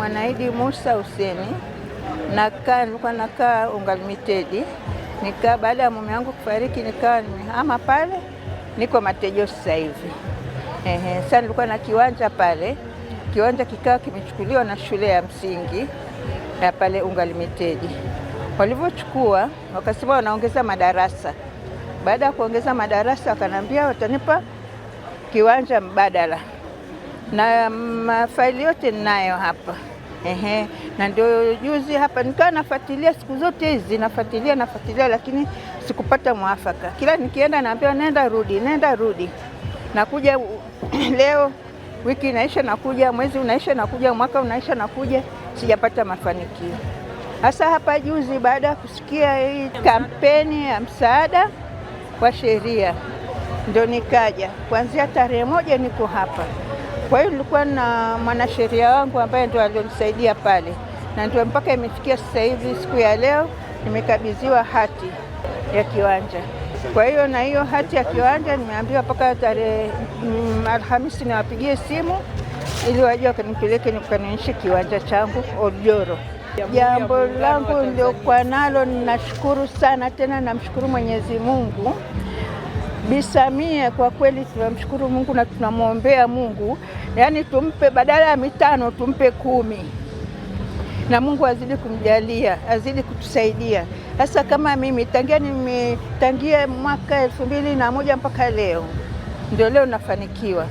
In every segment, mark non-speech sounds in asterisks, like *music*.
Mwanaidi Musa Huseni, nakaa nilikuwa nakaa Unga Limited. Nikaa baada ya mume wangu kufariki, nikawa nimehama pale, niko Matejo sasa hivi. Ehe, sasa nilikuwa na kiwanja pale, kiwanja kikawa kimechukuliwa na shule ya msingi ya pale Unga Limited. Walivyochukua wakasema wanaongeza madarasa. Baada ya kuongeza madarasa, wakanambia watanipa kiwanja mbadala na mafaili mm, yote ninayo hapa. Ehe, na ndio juzi hapa nikawa nafuatilia siku zote hizi nafuatilia nafuatilia, lakini sikupata mwafaka. Kila nikienda naambiwa nenda rudi, nenda rudi, nakuja *clears throat* leo, wiki inaisha nakuja, mwezi unaisha nakuja, mwaka unaisha nakuja, sijapata mafanikio. Hasa hapa juzi, baada ya kusikia hii kampeni ya msaada wa sheria, ndio nikaja. Kuanzia tarehe moja niko hapa. Kwa hiyo nilikuwa na mwanasheria wangu ambaye ndo alionisaidia pale, na ndio mpaka imefikia sasa hivi, siku ya leo nimekabidhiwa hati ya kiwanja. Kwa hiyo na hiyo hati ya kiwanja nimeambiwa mpaka tarehe mm, Alhamisi niwapigie simu ili waje wakanipeleke nikukaninishe kiwanja changu Oljoro. Jambo langu niliokuwa nalo, ninashukuru sana tena, namshukuru Mwenyezi Mungu Bi Samia kwa kweli tunamshukuru Mungu na tunamwombea Mungu, yaani tumpe badala ya mitano tumpe kumi, na Mungu azidi kumjalia, azidi kutusaidia. Hasa kama mimi tangia nimetangia mwaka elfu mbili na moja mpaka leo, ndio leo nafanikiwa.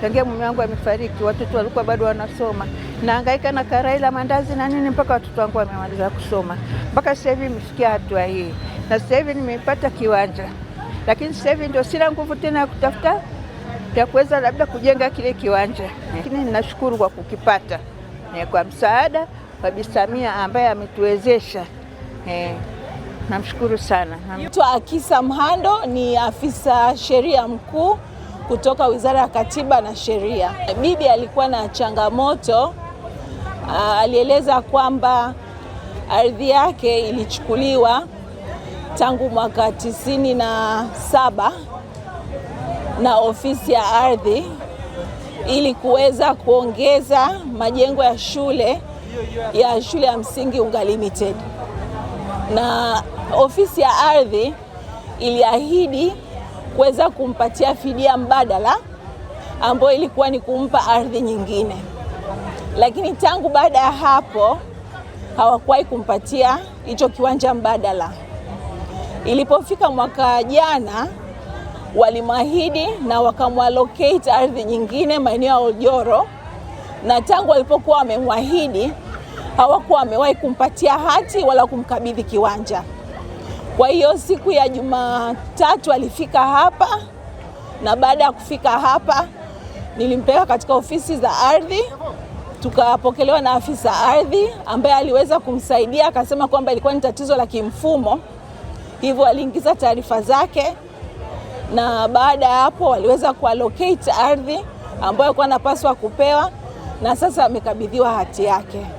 Tangia mume wangu amefariki, watoto walikuwa bado wanasoma, naangaika na karai la mandazi na nini, mpaka watoto wangu wamemaliza kusoma, mpaka sasa hivi imefikia hatua hii, na sasa hivi nimepata kiwanja lakini sasa hivi ndio sina nguvu tena ya kutafuta ya kuweza labda kujenga kile kiwanja, lakini ninashukuru kwa kukipata eh, kwa msaada wa Bi Samia ambaye ametuwezesha. Eh, namshukuru sana. Naitwa Akisa Mhando, ni afisa sheria mkuu kutoka Wizara ya Katiba na Sheria. Bibi alikuwa na changamoto, ah, alieleza kwamba ardhi yake ilichukuliwa tangu mwaka tisini na saba na ofisi ya ardhi ili kuweza kuongeza majengo ya shule ya shule ya msingi Unga Limited, na ofisi ya ardhi iliahidi kuweza kumpatia fidia mbadala ambayo ilikuwa ni kumpa ardhi nyingine, lakini tangu baada ya hapo hawakuwahi kumpatia hicho kiwanja mbadala. Ilipofika mwaka jana walimwahidi na wakamwalocate ardhi nyingine maeneo ya Oljoro, na tangu walipokuwa wamemwahidi hawakuwa wamewahi kumpatia hati wala kumkabidhi kiwanja. Kwa hiyo siku ya Jumatatu alifika hapa, na baada ya kufika hapa nilimpeleka katika ofisi za ardhi, tukapokelewa na afisa ardhi ambaye aliweza kumsaidia, akasema kwamba ilikuwa ni tatizo la kimfumo hivyo aliingiza taarifa zake, na baada ya hapo waliweza kuallocate ardhi ambayo alikuwa anapaswa kupewa, na sasa amekabidhiwa hati yake.